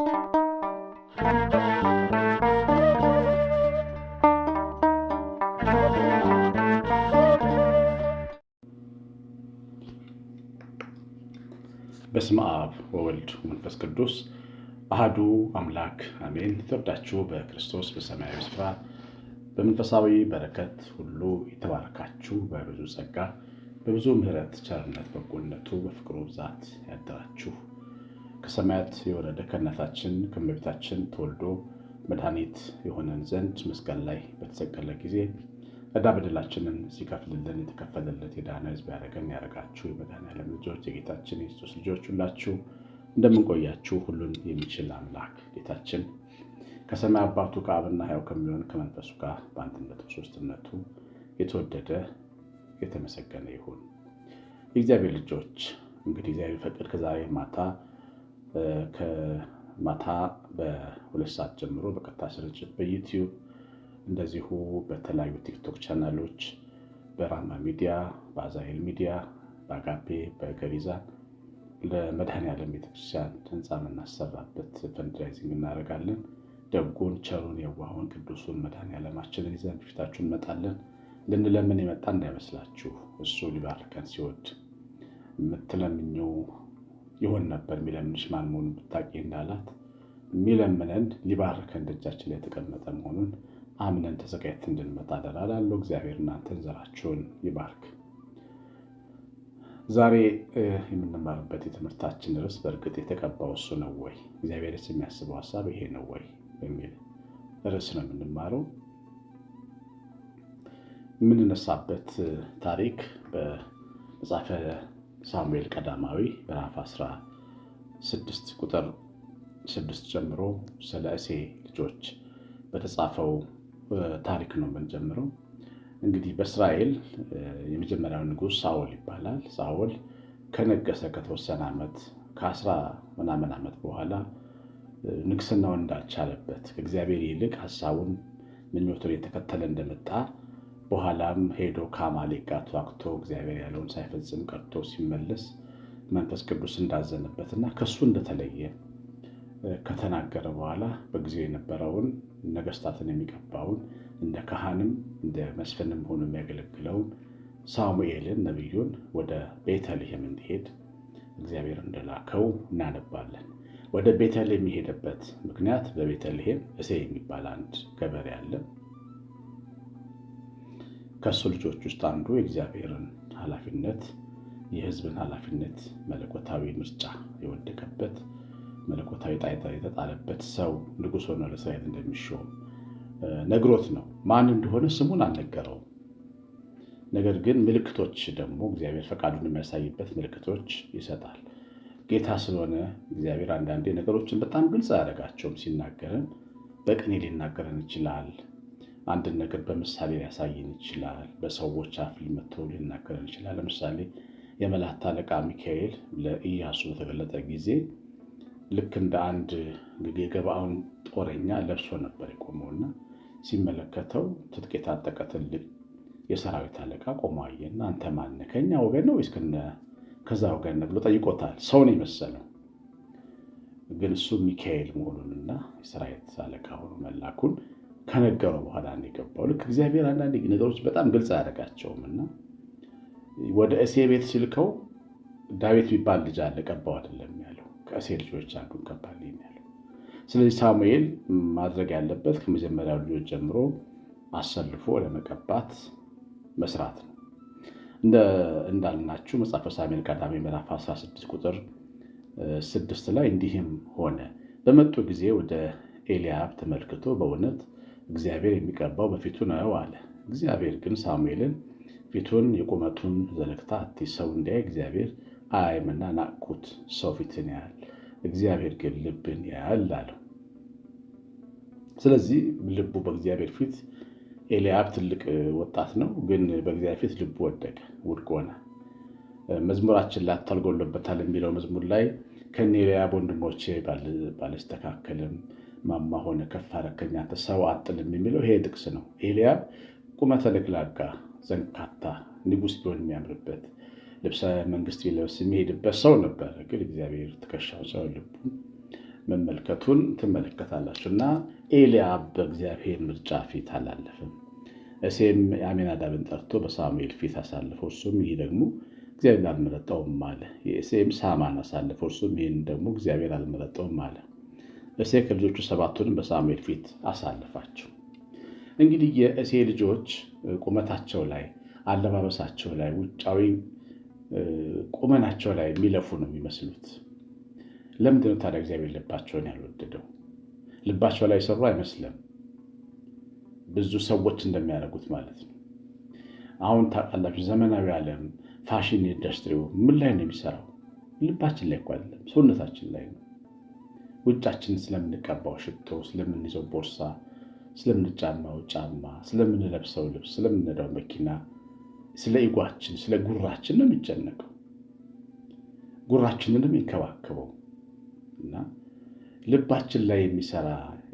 በስመ አብ ወወልድ መንፈስ ቅዱስ አህዱ አምላክ አሜን። የተወዳችሁ በክርስቶስ በሰማያዊ ስፍራ በመንፈሳዊ በረከት ሁሉ የተባረካችሁ በብዙ ጸጋ በብዙ ምሕረት ቸርነት በጎነቱ በፍቅሩ ብዛት ያደራችሁ ከሰማያት የወረደ ከእናታችን ከእመቤታችን ተወልዶ መድኃኒት የሆነን ዘንድ መስቀል ላይ በተሰቀለ ጊዜ ዕዳ በደላችንን ሲከፍልልን የተከፈለለት የዳነ ሕዝብ ያደረገን ያደረጋችሁ የመድኃኒዓለም ልጆች የጌታችን የክርስቶስ ልጆች ሁላችሁ እንደምንቆያችሁ ሁሉን የሚችል አምላክ ጌታችን ከሰማይ አባቱ ከአብና ሕያው ከሚሆን ከመንፈሱ ጋር በአንድነት በሦስትነቱ የተወደደ የተመሰገነ ይሁን። የእግዚአብሔር ልጆች እንግዲህ እግዚአብሔር ፈቅድ ከዛሬ ማታ ከማታ በሁለት ሰዓት ጀምሮ በቀጥታ ስርጭት በዩቲዩብ እንደዚሁ በተለያዩ ቲክቶክ ቻናሎች በራማ ሚዲያ፣ በአዛይል ሚዲያ፣ በአጋፔ፣ በገሪዛን ለመድኃኔዓለም ቤተክርስቲያን ህንፃ የምናሰራበት ፈንድራይዚንግ እናደርጋለን። ደጉን፣ ቸሩን፣ የዋሁን፣ ቅዱሱን መድኃኔዓለማችንን ይዘን ፊታችሁ እንመጣለን። ልንለምን የመጣ እንዳይመስላችሁ እሱ ሊባርከን ሲወድ የምትለምኘው ይሆን ነበር የሚለምንሽ ማን መሆኑን ብታውቂ እንዳላት የሚለምነን ሊባርከን ደጃችን ላይ የተቀመጠ መሆኑን አምነን ተዘጋጅት እንድንመጣ ደላላለው እግዚአብሔር እናንተን ዘራችሁን ይባርክ። ዛሬ የምንማርበት የትምህርታችን ርዕስ በእርግጥ የተቀባው እሱ ነው ወይ፣ እግዚአብሔርስ የሚያስበው ሀሳብ ይሄ ነው ወይ የሚል ርዕስ ነው የምንማረው። የምንነሳበት ታሪክ በመጽሐፈ ሳሙኤል ቀዳማዊ ምዕራፍ 16 ቁጥር 6 ጀምሮ ስለ እሴ ልጆች በተጻፈው ታሪክ ነው የምንጀምረው። እንግዲህ በእስራኤል የመጀመሪያው ንጉሥ ሳውል ይባላል። ሳውል ከነገሰ ከተወሰነ ዓመት ከአስራ ምናምን ዓመት በኋላ ንግስናውን እንዳልቻለበት ከእግዚአብሔር ይልቅ ሀሳቡን ምኞቱን የተከተለ እንደመጣ በኋላም ሄዶ ከአማሌቅ ጋር ተዋግቶ እግዚአብሔር ያለውን ሳይፈጽም ቀርቶ ሲመለስ መንፈስ ቅዱስ እንዳዘነበትና ከሱ እንደተለየ ከተናገረ በኋላ በጊዜው የነበረውን ነገስታትን የሚቀባውን እንደ ካህንም እንደ መስፍንም ሆኖ የሚያገለግለውን ሳሙኤልን ነቢዩን ወደ ቤተልሔም እንዲሄድ እግዚአብሔር እንደላከው እናነባለን። ወደ ቤተልሔም የሄደበት ምክንያት በቤተልሔም እሴ የሚባል አንድ ገበሬ አለ። ከእሱ ልጆች ውስጥ አንዱ የእግዚአብሔርን ኃላፊነት የህዝብን ኃላፊነት መለኮታዊ ምርጫ የወደቀበት መለኮታዊ ጣይታ የተጣለበት ሰው ንጉሥ ሆነ ለእስራኤል እንደሚሾም ነግሮት ነው። ማን እንደሆነ ስሙን አልነገረውም። ነገር ግን ምልክቶች ደግሞ እግዚአብሔር ፈቃዱን የሚያሳይበት ምልክቶች ይሰጣል። ጌታ ስለሆነ እግዚአብሔር አንዳንዴ ነገሮችን በጣም ግልጽ አያደርጋቸውም። ሲናገረን በቅኔ ሊናገረን ይችላል። አንድን ነገር በምሳሌ ሊያሳየን ይችላል። በሰዎች አፍ ሊመተው ሊናገረን ይችላል። ለምሳሌ የመላእክት አለቃ ሚካኤል ለኢያሱ በተገለጠ ጊዜ ልክ እንደ አንድ እንግዲህ የገባውን ጦረኛ ለብሶ ነበር የቆመውና ሲመለከተው ትጥቅ የታጠቀ ትልቅ የሰራዊት አለቃ ቆሞ አየና አንተ ማነ? ከኛ ወገን ነው ወይስ ከዛ ወገን ብሎ ጠይቆታል። ነው የመሰለው ግን እሱ ሚካኤል መሆኑንና የሰራዊት አለቃ ሆኖ መላኩን ከነገረው በኋላ ነው የገባው። ልክ እግዚአብሔር አንዳንድ ነገሮች በጣም ግልጽ አያደርጋቸውም እና ወደ እሴ ቤት ሲልከው ዳዊት የሚባል ልጅ አለ ቀባው አይደለም ያለው፣ ከእሴ ልጆች አንዱ ቀባል ያለው። ስለዚህ ሳሙኤል ማድረግ ያለበት ከመጀመሪያው ልጆች ጀምሮ አሰልፎ ለመቀባት መስራት ነው። እንዳልናችሁ መጽሐፈ ሳሙኤል ቀዳሚ ምዕራፍ 16 ቁጥር ስድስት ላይ እንዲህም ሆነ በመጡ ጊዜ ወደ ኤልያብ ተመልክቶ በእውነት እግዚአብሔር የሚቀባው በፊቱ ነው አለ። እግዚአብሔር ግን ሳሙኤልን ፊቱን የቁመቱን ዘለግታ አትይ፣ ሰው እንዲያይ እግዚአብሔር አያይምና ናቅኩት፣ ሰው ፊትን ያያል፣ እግዚአብሔር ግን ልብን ያያል አለው። ስለዚህ ልቡ በእግዚአብሔር ፊት ኤልያብ ትልቅ ወጣት ነው፣ ግን በእግዚአብሔር ፊት ልቡ ወደቀ፣ ውድቅ ሆነ። መዝሙራችን ላታል ጎሎበታል የሚለው መዝሙር ላይ ከኔ ኤልያብ ወንድሞቼ ባልስተካከልም ማማ ሆነ ከፍ አረከኝ አንተ ሰው አጥልም የሚለው ይሄ ጥቅስ ነው። ኤልያብ ቁመተ ልክላጋ ዘንካታ ንጉስ ቢሆን የሚያምርበት ልብሰ መንግስት ቢለብስ የሚሄድበት ሰው ነበር። ግን እግዚአብሔር ትከሻው ሰው ልቡን መመልከቱን ትመለከታላችሁ እና ኤልያብ በእግዚአብሔር ምርጫ ፊት አላለፍም። እሴም አሜናዳብን ጠርቶ በሳሙኤል ፊት አሳልፎ እሱም ይህ ደግሞ እግዚአብሔር አልመረጠውም አለ። እሴም ሳማን አሳልፎ እርሱም ይህን ደግሞ እግዚአብሔር አልመረጠውም አለ። እሴ ከልጆቹ ሰባቱንም በሳሙኤል ፊት አሳለፋቸው። እንግዲህ የእሴ ልጆች ቁመታቸው ላይ፣ አለባበሳቸው ላይ፣ ውጫዊ ቁመናቸው ላይ የሚለፉ ነው የሚመስሉት። ነው ታዲያ እግዚአብሔር ልባቸውን ያልወደደው? ልባቸው ላይ ሰሩ አይመስልም። ብዙ ሰዎች እንደሚያደርጉት ማለት ነው። አሁን ታውቃላችሁ፣ ዘመናዊ ዓለም ፋሽን ኢንዱስትሪው ምን ላይ ነው የሚሰራው? ልባችን ላይ እኮ አይደለም፣ ሰውነታችን ላይ ነው። ውጫችን ስለምንቀባው ሽቶ፣ ስለምንይዘው ቦርሳ፣ ስለምንጫማው ጫማ፣ ስለምንለብሰው ልብስ፣ ስለምንነዳው መኪና፣ ስለ ኢጓችን፣ ስለ ጉራችን ነው የሚጨነቀው። ጉራችንንም ይንከባከበው እና ልባችን ላይ የሚሰራ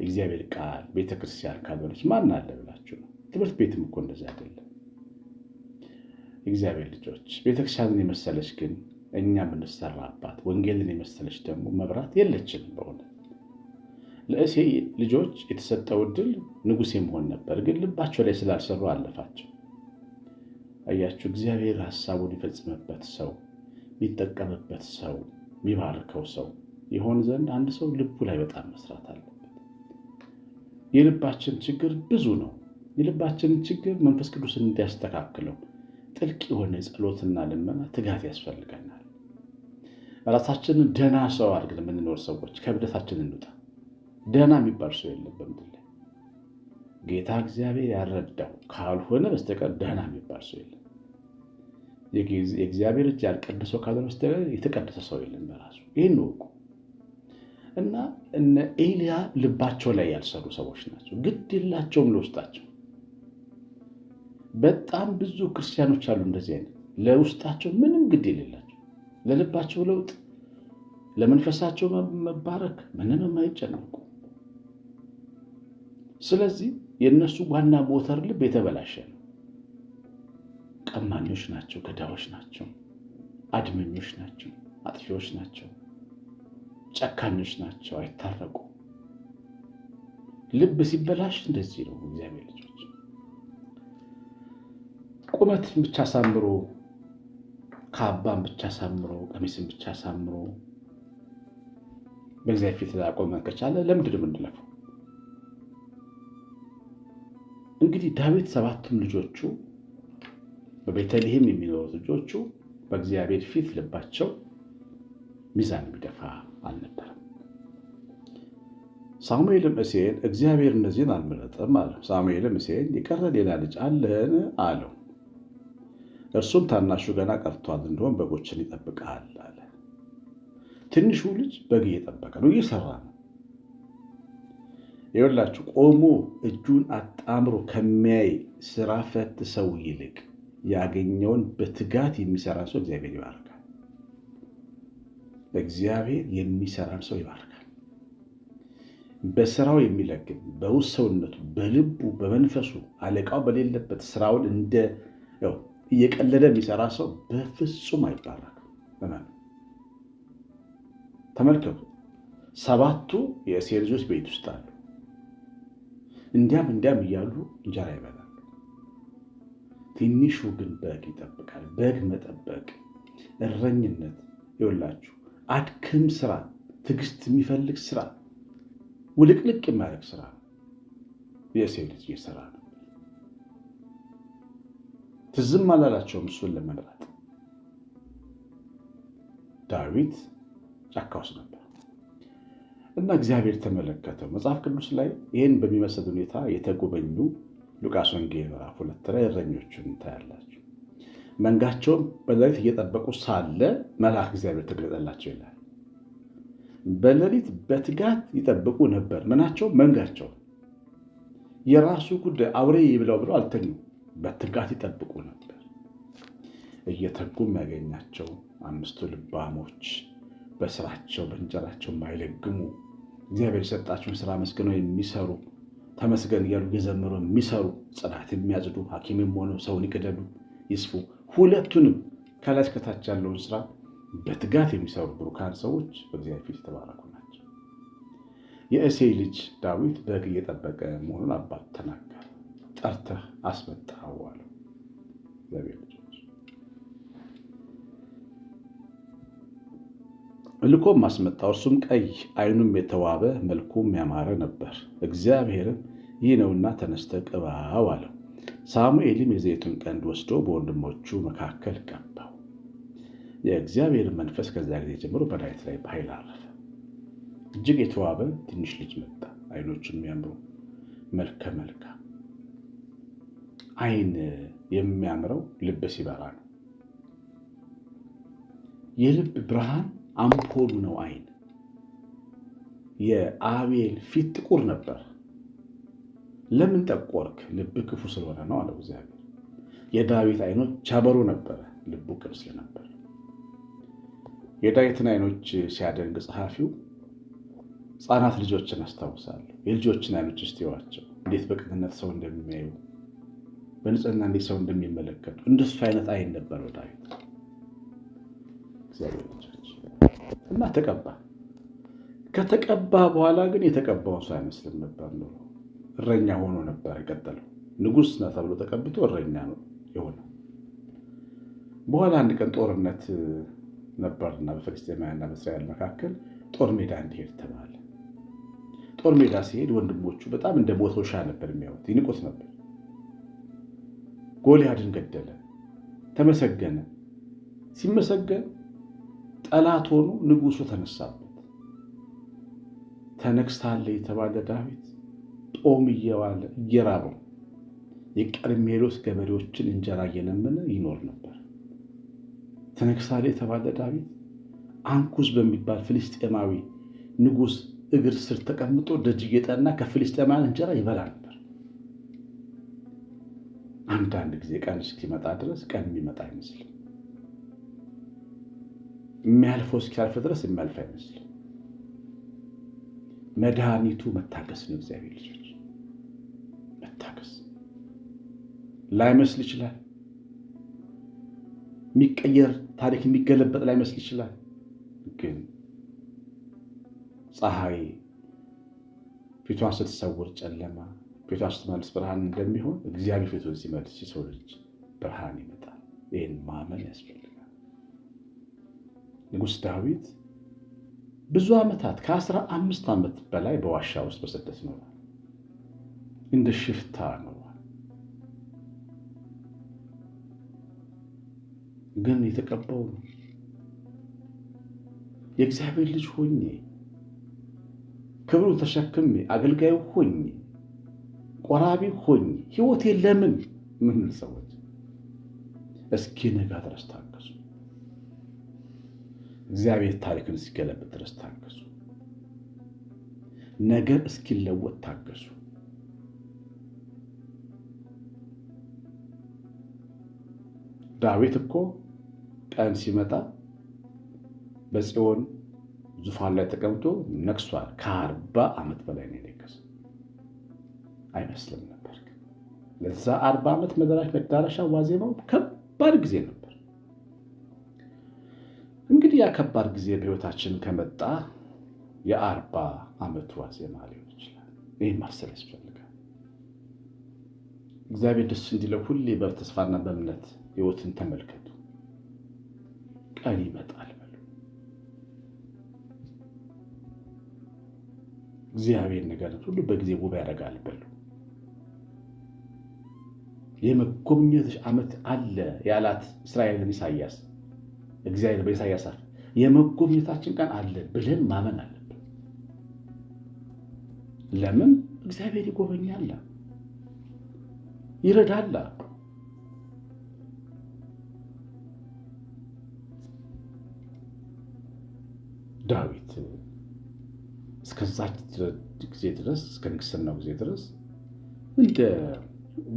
እግዚአብሔር ቃል ቤተክርስቲያን ካልሆነች ማን አለ ብላችሁ ነው። ትምህርት ቤትም እኮ እንደዚህ አይደለም። እግዚአብሔር ልጆች ቤተክርስቲያንን የመሰለች ግን እኛ ምንሰራባት ወንጌልን የመሰለች ደግሞ መብራት የለችም በሆነ ለእሴ ልጆች የተሰጠው እድል ንጉሴ የመሆን ነበር፣ ግን ልባቸው ላይ ስላልሰሩ አለፋቸው። አያችሁ፣ እግዚአብሔር ሀሳቡን ይፈጽምበት ሰው የሚጠቀምበት ሰው የሚባርከው ሰው ይሆን ዘንድ አንድ ሰው ልቡ ላይ በጣም መስራት አለበት። የልባችን ችግር ብዙ ነው። የልባችንን ችግር መንፈስ ቅዱስ እንዲያስተካክለው ጥልቅ የሆነ ጸሎትና ልመና ትጋት ያስፈልገናል። ራሳችንን ደህና ሰው አድርገን የምንኖር ሰዎች ከብደታችን እንውጣ። ደህና የሚባል ሰው የለም በምድር ላይ ጌታ እግዚአብሔር ያረዳው ካልሆነ በስተቀር ደህና የሚባል ሰው የለም። የእግዚአብሔር እጅ ያልቀደሰው ካልሆነ በስተቀር የተቀደሰ ሰው የለም በራሱ ይህን እወቁ። እና እነ ኤልያ ልባቸው ላይ ያልሰሩ ሰዎች ናቸው። ግድ የላቸውም ለውስጣቸው። በጣም ብዙ ክርስቲያኖች አሉ እንደዚህ አይነት ለውስጣቸው ምንም ግድ የሌለ ለልባቸው ለውጥ፣ ለመንፈሳቸው መባረክ ምንም የማይጨነቁ ስለዚህ የእነሱ ዋና ሞተር ልብ የተበላሸ ነው። ቀማኞች ናቸው፣ ገዳዎች ናቸው፣ አድመኞች ናቸው፣ አጥፊዎች ናቸው፣ ጨካኞች ናቸው፣ አይታረቁ። ልብ ሲበላሽ እንደዚህ ነው። እግዚአብሔር ልጆች ቁመት ብቻ ሳምሮ ካባን ብቻ ሳምሮ ቀሚስን ብቻ ሳምሮ በእግዚአብሔር ፊት ላቆመን ከቻለ ለምድድ ምንድለፉ እንግዲህ ዳዊት ሰባቱም ልጆቹ በቤተልሔም የሚኖሩት ልጆቹ በእግዚአብሔር ፊት ልባቸው ሚዛን የሚደፋ አልነበረም። ሳሙኤልም እሴን እግዚአብሔር እነዚህን አልመረጠም አለ ሳሙኤልም እሴን የቀረ ሌላ ልጅ አለን አለው። እርሱም ታናሹ ገና ቀርቷል፣ እንደሆን በጎችን ይጠብቃል አለ። ትንሹ ልጅ በግ እየጠበቀ ነው፣ እየሰራ ነው። ይኸውላችሁ ቆሞ እጁን አጣምሮ ከሚያይ ስራ ፈት ሰው ይልቅ ያገኘውን በትጋት የሚሰራን ሰው እግዚአብሔር ይባርካል። እግዚአብሔር የሚሰራን ሰው ይባርካል። በስራው የሚለግም በውስጥ ሰውነቱ፣ በልቡ፣ በመንፈሱ አለቃው በሌለበት ስራውን እንደ እየቀለደ የሚሰራ ሰው በፍጹም አይባረክም። ተመልከቱ፣ ሰባቱ የእሴ ልጆች ቤት ውስጥ አሉ። እንዲያም እንዲያም እያሉ እንጀራ ይበላል። ትንሹ ግን በግ ይጠብቃል። በግ መጠበቅ እረኝነት ይወላችሁ አድክም ስራ፣ ትዕግስት የሚፈልግ ስራ፣ ውልቅልቅ የሚያደርግ ስራ የእሴ ልጅ ስራ ነው። ትዝም አላላቸውም እሱን ለመምራት። ዳዊት ጫካ ውስጥ ነበር እና እግዚአብሔር ተመለከተው። መጽሐፍ ቅዱስ ላይ ይህን በሚመስል ሁኔታ የተጎበኙ ሉቃስ ወንጌል ምዕራፍ ሁለት ላይ እረኞቹን ታያላቸው። መንጋቸውን በሌሊት እየጠበቁ ሳለ መልአክ እግዚአብሔር ተገለጠላቸው ይላል። በሌሊት በትጋት ይጠብቁ ነበር። ምናቸው? መንጋቸው የራሱ ጉዳይ አውሬ ብለው ብለው አልተኙም። በትጋት ይጠብቁ ነበር። እየተጉም ያገኛቸው አምስቱ ልባሞች በስራቸው በእንጀራቸው የማይለግሙ እግዚአብሔር የሰጣቸውን ስራ መስግነው የሚሰሩ ተመስገን እያሉ እየዘመሩ የሚሰሩ ጽዳት የሚያጽዱ ሐኪምም ሆነው ሰውን ይቅደዱ ይስፉ፣ ሁለቱንም ከላይ እስከታች ያለውን ስራ በትጋት የሚሰሩ ብሩካን ሰዎች በእግዚአብሔር ፊት የተባረኩ ናቸው። የእሴይ ልጅ ዳዊት በግ እየጠበቀ መሆኑን አባት ተናገ ጠርተህ አስመጣኸው አለው። ልኮም አስመጣው። እርሱም ቀይ፣ አይኑም የተዋበ መልኩም ያማረ ነበር። እግዚአብሔርም ይህ ነውና ተነስተ ቅባው አለው። ሳሙኤልም የዘይቱን ቀንድ ወስዶ በወንድሞቹ መካከል ቀባው። የእግዚአብሔር መንፈስ ከዚያ ጊዜ ጀምሮ በዳዊት ላይ በኃይል አረፈ። እጅግ የተዋበ ትንሽ ልጅ መጣ፣ አይኖቹ ያምሩ መልከ መልካ አይን የሚያምረው ልብ ሲበራ ነው። የልብ ብርሃን አምፖሉ ነው አይን። የአቤል ፊት ጥቁር ነበር። ለምን ጠቆርክ? ልብ ክፉ ስለሆነ ነው አለው እግዚአብሔር። የዳዊት አይኖች ቻበሩ ነበረ፣ ልቡ ቅን ስለነበር። የዳዊትን አይኖች ሲያደንግ ጸሐፊው ህፃናት ልጆችን አስታውሳለሁ። የልጆችን አይኖች እስቲዋቸው እንዴት በቅንነት ሰው እንደሚያዩ በንጽህና እንዴት ሰው እንደሚመለከቱ እንደሱ አይነት አይን ነበረው ዳዊት። እና ተቀባ። ከተቀባ በኋላ ግን የተቀባውን ሰው አይመስልም ነበር። ኖሮ እረኛ ሆኖ ነበር የቀጠለው። ንጉስ ና ተብሎ ተቀብቶ እረኛ ነው የሆነ። በኋላ አንድ ቀን ጦርነት ነበርና ና በእስራኤል መካከል ጦር ሜዳ እንዲሄድ ተባለ። ጦር ሜዳ ሲሄድ ወንድሞቹ በጣም እንደ ሞት ውሻ ነበር የሚያዩት፣ ይንቁት ነበር ጎልያድን ገደለ፣ ተመሰገነ። ሲመሰገን ጠላት ሆኖ ንጉሱ ተነሳበት። ተነግሥታለ የተባለ ዳዊት ጦም እየዋለ እየራበው የቀርሜሎስ ገበሬዎችን እንጀራ እየለመነ ይኖር ነበር። ተነግሥታለ የተባለ ዳዊት አንኩስ በሚባል ፍልስጤማዊ ንጉስ እግር ስር ተቀምጦ ደጅ እየጠና ከፍልስጤማውያን እንጀራ ይበላል። አንዳንድ ጊዜ ቀን እስኪመጣ ድረስ ቀን የሚመጣ አይመስልም። የሚያልፈው እስኪያልፍ ድረስ የሚያልፍ አይመስልም። መድኃኒቱ መታገስ ነው። እግዚአብሔር ልጆች መታገስ ላይመስል ይችላል። የሚቀየር ታሪክ የሚገለበጥ ላይመስል ይችላል። ግን ፀሐይ ፊቷን ስትሰውር ጨለማ ቤቷ ስትመልስ ብርሃን እንደሚሆን እግዚአብሔር ቤቱ ሲመልስ የሰው ልጅ ብርሃን ይመጣል። ይህን ማመን ያስፈልጋል። ንጉሥ ዳዊት ብዙ ዓመታት ከአስራ አምስት ዓመት በላይ በዋሻ ውስጥ በስደት ኖሯል። እንደ ሽፍታ ኖሯል። ግን የተቀባው ነው። የእግዚአብሔር ልጅ ሆኜ ክብሩን ተሸክሜ አገልጋዩ ሆኜ ቆራቢ ሆኝ ህይወቴ ለምን ምንል ሰዎች እስኪ ነጋ ድረስ ታገሱ። እግዚአብሔር ታሪክን እስኪገለብጥ ድረስ ታገሱ። ነገር እስኪለወጥ ታገሱ። ዳዊት እኮ ቀን ሲመጣ በጽዮን ዙፋን ላይ ተቀምጦ ነግሷል። ከአርባ ዓመት በላይ ነው አይመስልም ነበር። ለዛ አርባ ዓመት መድራሽ መዳረሻ ዋዜማው ከባድ ጊዜ ነበር። እንግዲህ ያ ከባድ ጊዜ በህይወታችን ከመጣ የአርባ ዓመት ዋዜማ ሊሆን ይችላል። ይህን ማሰብ ያስፈልጋል። እግዚአብሔር ደስ እንዲለው ሁሌ በተስፋና በእምነት ህይወትን ተመልከቱ። ቀን ይመጣል በሉ። እግዚአብሔር ነገርን ሁሉ በጊዜ ውብ ያደርጋል በሉ። የመጎብኘትሽ ዓመት አለ ያላት እስራኤልን ኢሳያስ እግዚአብሔር በኢሳያስ አፍ የመጎብኘታችን ቀን አለ ብለን ማመን አለብን። ለምን እግዚአብሔር ይጎበኛል፣ ይረዳል። ዳዊት እስከዛች ጊዜ ድረስ እስከ ንግስናው ጊዜ ድረስ እንደ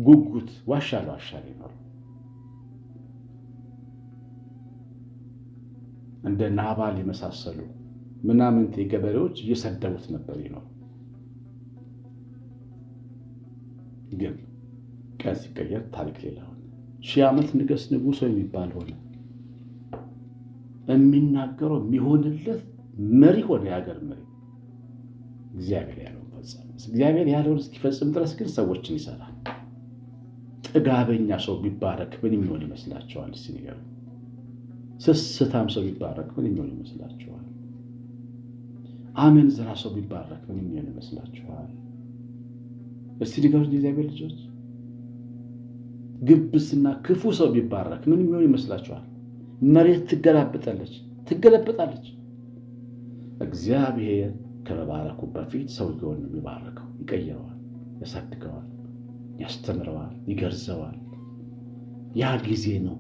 ጉጉት ዋሻ ለዋሻ ቢኖሩ እንደ ናባል የመሳሰሉ ምናምንቴ ገበሬዎች እየሰደቡት ነበር ይኖሩ። ግን ቀን ሲቀየር ታሪክ ሌላ ሆነ። ሺህ ዓመት ንገስ ንጉሶ የሚባል ሆነ። የሚናገረው የሚሆንለት መሪ ሆነ። የሀገር መሪ እግዚአብሔር ያለውን ፈጸመ። እግዚአብሔር ያለውን እስኪፈጽም ድረስ ግን ሰዎችን ይሰራል። ጥጋበኛ ሰው ቢባረክ ምን የሚሆን ይመስላችኋል? እስኪ ስስታም ሰው ቢባረክ ምን የሚሆን ይመስላችኋል? አመንዝራ ሰው ቢባረክ ምን የሚሆን ይመስላችኋል? እስቲ ንገሩኝ የእግዚአብሔር ልጆች። ግብስና ክፉ ሰው ቢባረክ ምን የሚሆን ይመስላችኋል? መሬት ትገላብጣለች ትገለበጣለች። እግዚአብሔር ከመባረኩ በፊት ሰውየውን የሚባረከው ይቀይረዋል፣ ያሳድገዋል። ያስተምረዋል፣ ይገርዘዋል። ያ ጊዜ ነው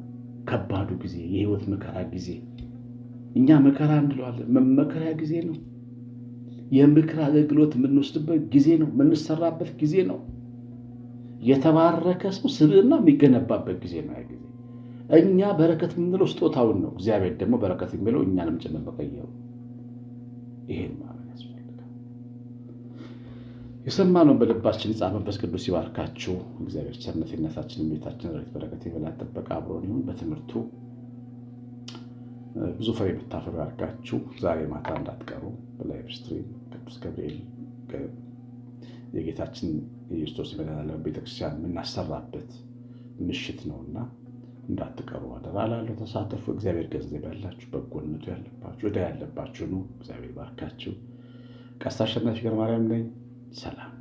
ከባዱ ጊዜ፣ የህይወት መከራ ጊዜ። እኛ መከራ እንለዋለን፣ መከራ ጊዜ ነው። የምክር አገልግሎት የምንወስድበት ጊዜ ነው። የምንሰራበት ጊዜ ነው። የተባረከ ሰው ስብዕና የሚገነባበት ጊዜ ነው ያ ጊዜ። እኛ በረከት የምንለው ስጦታውን ነው። እግዚአብሔር ደግሞ በረከት የሚለው እኛንም ጭምር መቀየሩ ይሄ የሰማነው በልባችን ሕፃን መንፈስ ቅዱስ ይባርካችሁ። እግዚአብሔር ቸርነት የእናታችን ቤታችን ረት በረከት የበላ ጥበቃ አብሮን ይሁን። በትምህርቱ ብዙ ፍሬ የምታፈሩ ያርጋችሁ። ዛሬ ማታ እንዳትቀሩ በላይቭ ስትሪም ቅዱስ ገብርኤል የጌታችን የክርስቶስ የመድኃኔዓለም ቤተክርስቲያን የምናሰራበት ምሽት ነውና እንዳትቀሩ አደራ እላለሁ። ተሳተፉ። እግዚአብሔር ገንዘብ ያላችሁ በጎነቱ ያለባችሁ ዕዳ ያለባችሁ ነው። እግዚአብሔር ባርካችሁ። ቀሲስ አሸናፊ ገብረማርያም ነኝ። Salam.